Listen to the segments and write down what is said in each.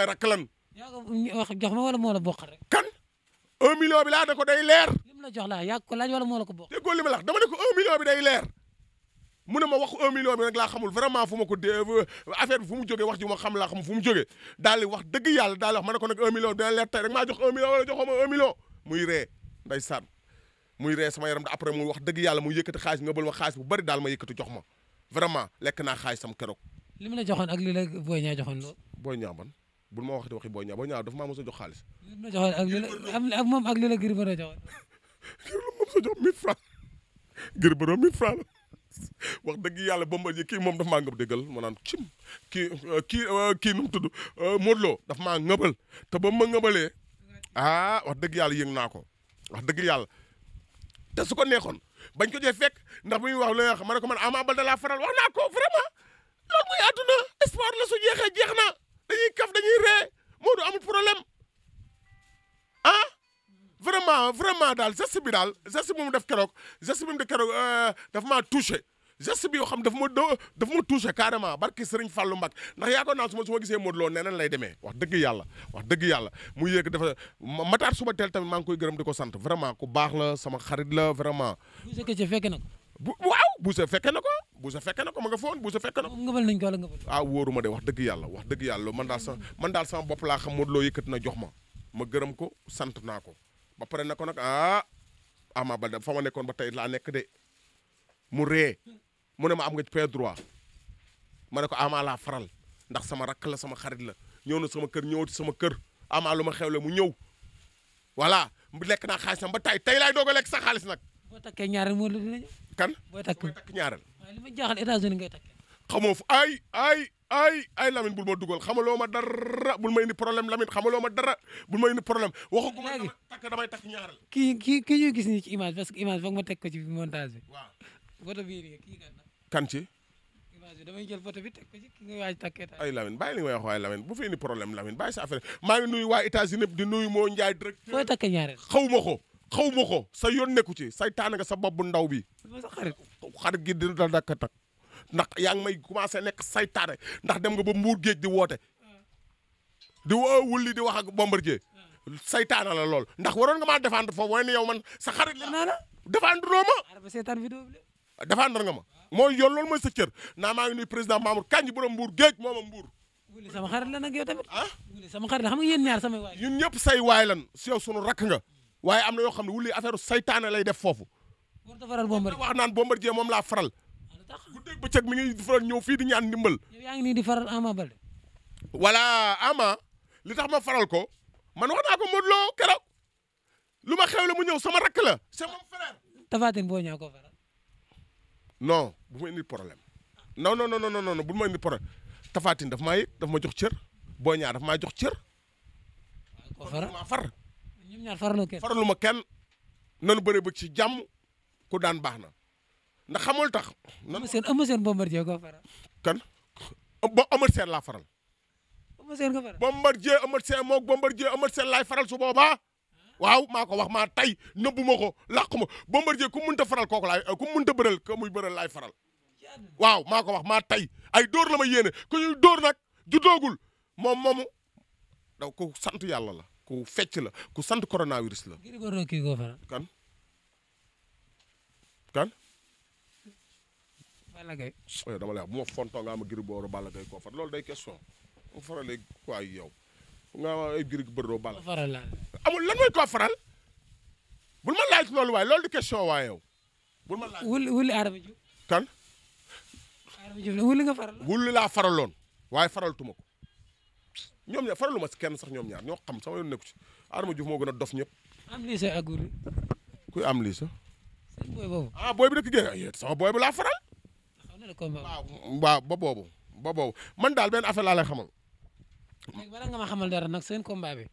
samay rakk lan. wax jox ma wala moo la bokk rek. kan un million laa ne ko day leer. lim la jox laa yaa ko laaj wala moo la ko bokk. déggoo li ma la wax dama ne ko un million bi day leer mu ne ma wax un million bi vraiment fu ma ko dee euh, affaire bi fu mu jógee wax ji ma xam laa xam fu mu jógee daal di wax dëgg yàlla daal di wax ma ko nag un million dina leer tey rek maa jox un million wala ma un muy ree nday saan muy ree sama yaram da après muy wax dëgg yàlla muy yëkkati xaalis nga bël ma xaalis bu bari daal ma yëkkati jox ma vraiment lekk naa xaalisam keroog. li mu la joxoon ak li la Boy Niang joxoon lool. Boy Niang bul ma waxati waxi Boy Niang Boy Niang dafa maa mos a jox xaalis. ak moom ak li la Gris Bordeaux joxoon. Gris Bordeaux moom wax dëgg yàlla Bombardier kii moom dafa maa ngëb déggal ma naan cim kii kii euh, kii nu mu tudd euh, Modou Lo dafa maa ngëbal te ba ma ngëbalee ah wax dëgg yàlla yëng naa ko wax dëgg yàlla te su ko neexoon bañ ko jee fekk ndax bu wax la nga ma ne ko man Ama Baldé faral wax naa ko vraiment loolu muy àdduna espoir la su jeex na. dañuy kaf dañuy ree Modou amul problème ah vraiment vraiment daal geste bi daal geste mu def keroog geste bi mu def keroog euh, daf maa touché geste bi yoo xam daf ma daf ma touché carrément barki Sëriñ Fallou Mbacké ndax yaakaar naa su ma su ma gisee Modou Lo neneen lay demee wax dëgg yàlla wax dëgg yàlla mu yéeg dafa mataat suba teel tamit maa ngi koy gërëm di ko sant vraiment ku baax la sama xarit la vraiment. bu fekkee fekk na bu waaw buusa fekke na ko buusa fekke na ko ma nga foon buusa fekke na ko. ngëbal nañ ko wala ngëbal. ah wóoru de wax dëgg yàlla wax dëgg yàlla man daal sama man daal sama bopp laa xam Modou Lo yëkkati na jox ma ma gërëm ko sant naa ko ba pare na ko nag ah Ama Baldé fa ma nekkoon ba tey laa nekk de mu ree mu ne ma am nga ci pied ma ne ko Ama laa faral ndax sama rakk la sama xarit la ñëw na sama kër ñëwati sama kër Ama lu ma xew xewle mu ñëw voilà lekk naa xaalisam ba tey tey laay doog a lekk sa xaalis nag. boo takkee ñaareel moo la dina ñëw. kan boo takk ñaareel. waaye jaaxal États-Unis ngay takkee. xamoo fa ay ay ay ay Lamine bul ma dugal xamaloo ma dara bul ma indi problème Lamine xamaloo ma dara bul ma indi problème waxaguma. léegi takk damay takk ñaareel. kii kii kii ñuy gis nii ci image ma teg ko ci montage bi. waaw photo bii nii kii la. kan ci. image bi damay jël photo bi teg ko ci ki bu fi indi problème Lamine bàyyi sa maa nuyu waa États-Unis di nuyu moo Ndiaye direct. fooy takk ñaareel xaw ma ko. xaw ma ko sa yoon nekku ci saytaane nga sa bopp bu ndaw bi xarit xarit gi dina la dakk tak ndax yaa ngi may commencé nekk saytaane ndax dem nga ba mbuur géej di woote di woo wulli di wax ak bombardier saytaane la lool ndax waroon nga maa défendre foofu waaye ne yow man sa xarit la la défendre loo ma défendre nga ma mooy yoon lool mooy sa cër naa maa ngi nuy président Mamour Kandji borom mbuur géej mooma mbuur wulli sama xarit la nag yow tamit ah wulli sama xarit la xam nga yéen ñaar samay waay ñun ñëpp say waay lan si yow sunu rakk nga waaye am na yoo xam ne wuli affaire saytaane lay def foofu. wax naan Bombardier moom laa faral. Ah, guddeeg bëccëg mi ngi faral ñëw fii di ñaan ndimbal. yow yaa ngi nii di faral Ama Baldé. voilà Ama li tax ma faral ko man wax naa ko Modou Lo keroog lu ma xewle mu ñëw sama rakk la c'est mon frère. Tapha Tine boo ko faral. non bu ma indi problème non non non non non bu ma indi problème Tapha daf maa yëg daf ma jox cër Boy Niang daf maa jox cër. ñoom ñaar faralu kenn faralu ma kenn nanu bëre bëgg ci jàmm ku daan baax na ndax xamul tax. nan seen Eumeu Sène Bombardier ko faral. kan ba Eumeu Sène laa faral. Eumeu Sène ko faral Bombardier Eumeu Sène moog Bombardier Eumeu Sène laay faral su boobaa. waaw maa ko wax maa tey nëbbu ma ko làq ma Bombardier ku mënta faral kooku laay laa mënta bëral ka muy bëral laay faral. waaw maa ko wax maa tey ay door la ma yéene ku ñuy dóor nag ju moom moomu daw ko sant yàlla la. ku fecc la ku sant coronavirus la. Gris Bordeaux kii koo faral. kan kan. Balla Gaye. dama bu ma fontoo nga am Gris Bordeaux Balla Gaye koo faral loolu day question mu faralee quoi yow nga am ay Gris amul loolu waaye loolu di waaye yow. bul ma laaj kan. Adama Diouf faral. wuli laa faraloon waaye faraltuma ko. ñoom ñaar faralu ma si kenn sax ñoom ñaar ñoo xam sama yoon nekku ci Adama Diouf moo gën a dof ñëpp. am lii sa agur bi. kuy am lii sa. seen booy boobu. ah booy bi dëkk Guèye sama booy bi laa faral. boobu ba boobu man daal benn affaire laa lay xamal. léegi bala nga ma xamal dara nag seen combat bi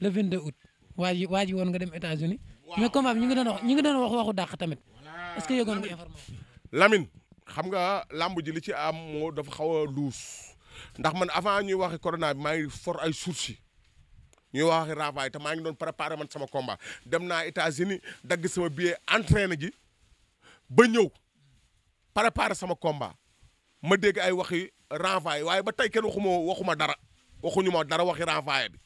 le de août waa ji waa ji woon nga dem États-Unis mais combat bi ñu ngi doon wax ñu ngi doon wax waxu dàq tamit est-ce que yëgoon nga information. Lamine xam nga làmb ji li ci am moo dafa xaw a luus ndax man avant ñuy waxi corona bi maa ngi for ay sources ñuy waxi ravaay te maa ngi doon préparé man sama combat dem naa États-Unis dagg sama billet entraîné ji ba ñëw préparé sama combat ma dégg ay waxi renvoyé waaye ba tey kenn waxuma waxuma dara waxuñu ma dara waxi renvoyé bi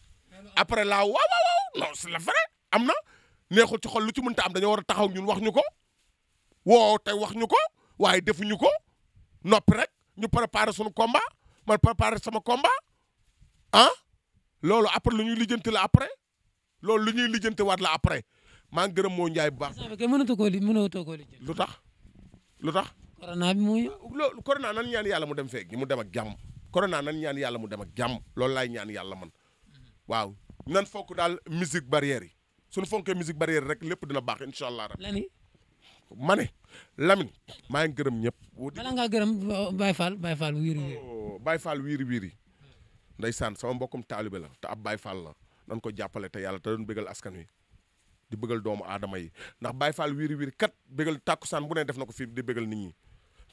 après laa waaw waaw waaw non am na neexul ci xol lu ci mënta am dañoo war a taxaw ñun wax ñu ko woo tey wax ñu ko waaye defuñu ko noppi rek ñu préparé suñu komba ma préparé sama combat ah loolu après lu ñuy lijjanti la après loolu lu ñuy lijjanti la après maa ngi gërëm moo Ndiaye bu baax. mënatu koo li mënatoo koo lijjanti. lu tax lu tax. corona bi mooy. loolu corona nan ñaan yàlla mu dem feeg mu dem ak jàmm. corona nan ñaan yàlla mu dem ak jàmm loolu laay ñaan yàlla man waaw nan fonk daal musique barrière yi suñu fonkee musique barrière rek lépp dina baax incha allah. ma ne maa ngi gërëm ñëpp. bala ngaa gërëm Baye Fall Baye Fall wiiri wiiri. Oh, Baye Fall wiiri wiiri ndeysaan sama mbokkum taalibe la te ab baay Fall la nan ko jàppale te yàlla te doon bëggal askan wi di bëggal doomu aadama yi ndax Baye Fall wiiri wiiri kat bëggal tàkkusaan bu nee def na ko fii di bëggal nit ñi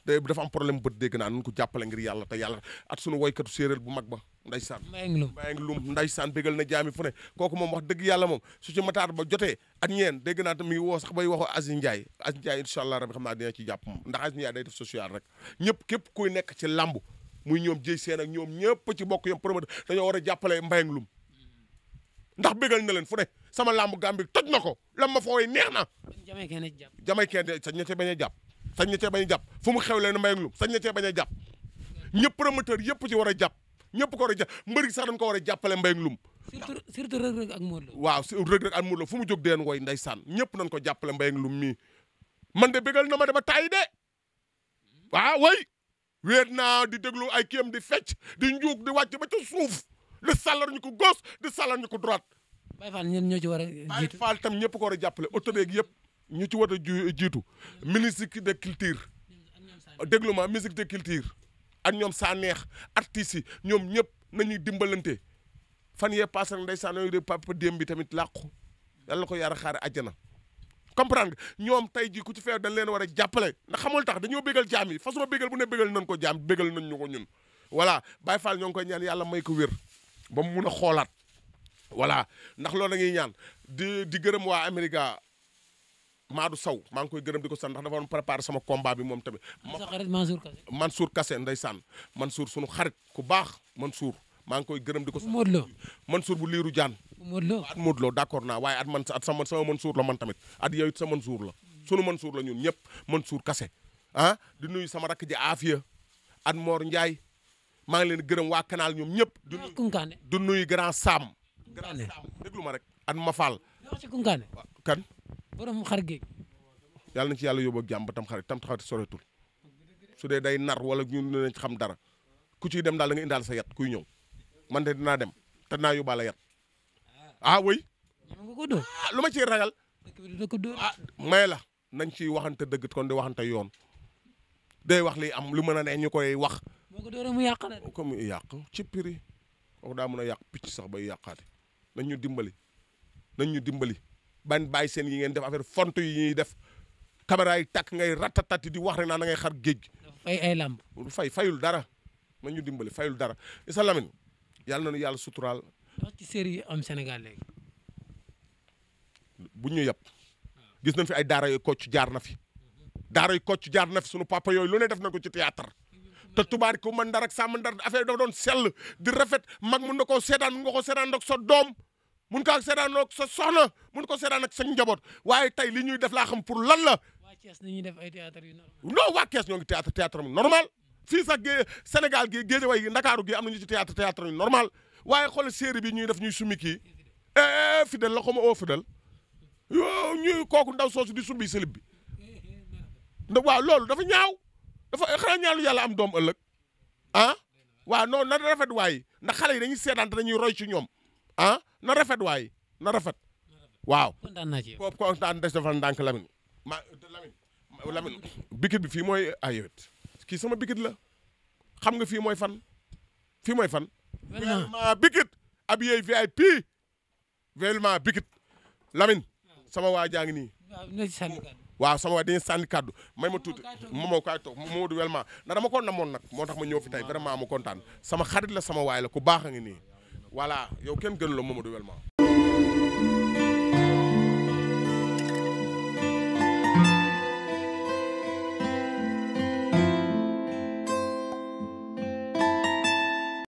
te dafa am problème bët dégg naa nan ko jàppale ngir yàlla te yàlla at sunu woykatu séeréer bu mag ba. ndaysaan mbayang lum ndaysaan bégal na jaami fu kooku moom wax dëgg yàlla moom su mataar ba jotee ak ñeen dégg naa tam mi ngi bay waxo Aziz Ndiaye Aziz Ndiaye incha allah rabi xam naa dina ci jàpp moom ndax a Ndiaye day def social rek ñëpp képp koy nekk ci làmb muy ñoom jëy seen ak ñoom ñëpp ci bokk yom promoteur dañoo war a jàppale mbayang lum ndax bégal na leen fu ne sama làmb Gàmbi toj na ko lam ma fooy neex na jamay kenn sañ na cee bañ a jàpp sañ na cee bañ jàpp fu mu xew leen mbayang lum sañ na cee bañ a jàpp ñëpp promoteur yëpp ci war a jàpp ñëpp ko war a ja mbër dañ ko war a jàppale Mbaye ak Loum surtout surtout ak Modou waaw Reug Reug ak Modou fu mu jóg deen wooy ndeysaan ñëpp nañ ko jàppale Mbaye ak Loum mii man de bégal na ma dama tàyyi de waaw way weet naa di déglu ay kiyam di fecc di njuug di wàcc ba ca suuf di sàllar ñu ko gauche di sàllar ñu ko droite Baye Fall ñen ñoo ci war a jiitu Baye Fall tam ñëpp ko war a oto autorité yëpp ñu ci war a jiitu ministre de culture déglu ma musique de culture ak ñoom saa neex artistes yi ñoom ñëpp nañuy dimbalante fan yee paase nag ndeysaan yooyu de papa démb bi tamit làqu yàlla ko yaara xaare àjjana comprendre nga ñoom tey jii ku ci feew da leen war a jàppale ndax xamul tax dañoo bégal jaam yi façon bégal bu ne bégal nañ ko jaam bégal nañ ñu ko ñun voilà Baye Fall ñoo ngi koy ñaan yàlla may ko wér ba mu mun a xoolaat voilà ndax loolu la ñuy ñaan di di gërëm waa Amérique Maadou Sow maa ngi koy gërëm di ko sant ndax dafa doon préparé sama combat bi moom tamit. sa xarit Mansour Kassé. Mansour Kassé ndeysaan Mansour sunu xarit ku baax man Mansour maa ngi koy gërëm di ko. sant Modou Lo Mansour bu Liiru Jaan. Modou at Modou Lo d' waaye at man at sama sama Mansour la man tamit at yow it sa Mansour la. sunu Mansour la ñun ñëpp Mansour Kassé ah di nuyu sama rakk ji Afia at moor Ndiaye maa ngi leen gërëm waa canal ñoom ñëpp. du nuyu grand Sam. Grand Sam déglu ma rek at ma Fall. kan. borom xar géej yàlla na ci yàlla yóbbu ak jàmm ba tam xarit tam xarit soreetul su dee day nar wala ñun dinañ ci xam dara ku ciy dem daal da nga indaal sa yat kuy ñëw man de dinaa dem te dinaa yóbbaale yat ah oui. Ah, lu ma ciy ragal. ah may la nañ ciy waxante dëgg kon di waxante yoon. day wax li am lu mën a ne ñu koy wax. moo ko dooree mu yàq la yàq ci prix kooku daa mën a yàq picc sax bay yàqaate nañ ñu dimbali nañ ñu dimbali. ban bàyyi seen yi ngeen def affaire font yi ñuy def caméra yi takk ngay ratatati di wax rek naa na ngay xar géej gi. fay ay lamb. fay fayul dara ma ñu dimbali fayul dara sa Lamine yàlla na nu yàlla suturaal. dox yi am Sénégal léegi. bu ñu yàpp gis nañ fi ay daara yu kocc jaar na fi. daara yu kocc jaar na fi sunu papa yooyu lu ne def na ko ci théâtre te tubaar ku mën dara ak saa mën dara affaire dafa doon sell di rafet mag mun na koo seetaan nga ko seetaan nag sa doom. mun ko ak seedaan ak sa soxna mun ko seedaan ak sa njaboot waaye tey li ñuy def laa xam pour lan la. waa Thiès ni ñuy def ay théâtre yu normal. non waa Thiès ñoo ngi théâtre théâtre mu normal fii sax gée Sénégal gii Géejawaay gi Ndakaaru gi am nañu ci théâtre théâtre yu normal waaye xool série bi ñuy def ñuy summi kii eh, eh, fidèle la xawma oh, oo kooku ndaw soosu di sumbi silib bi ndax waaw loolu dafa ñaaw dafa xanaa ñaalu yàlla am doom ëllëg ah waa non na rafet waay ndax xale yi dañuy seetaan dañuy roy ci ñoom ah na rafet waay na rafet. waaw kontaan naa kontaan des dafa ndànk Lamine. ma Lamine Lamine. bikit bi fii mooy ayewet kii sama bikit la xam nga fii mooy fan fii mooy fan. vraiment bikit ab yey VIP vraiment bikit Lamine sama waa jaa ngi nii. waaw sama waa dañuy sànni kàddu may ma tuuti moom moo kaay toog Mamadou Welma na dama ko namoon nag moo tax ma ñëw fi tey vraiment ma kontaan sama xarit la sama waay la ku baax a ngi nii. voilà yow kenn gënu la Mamadou Welma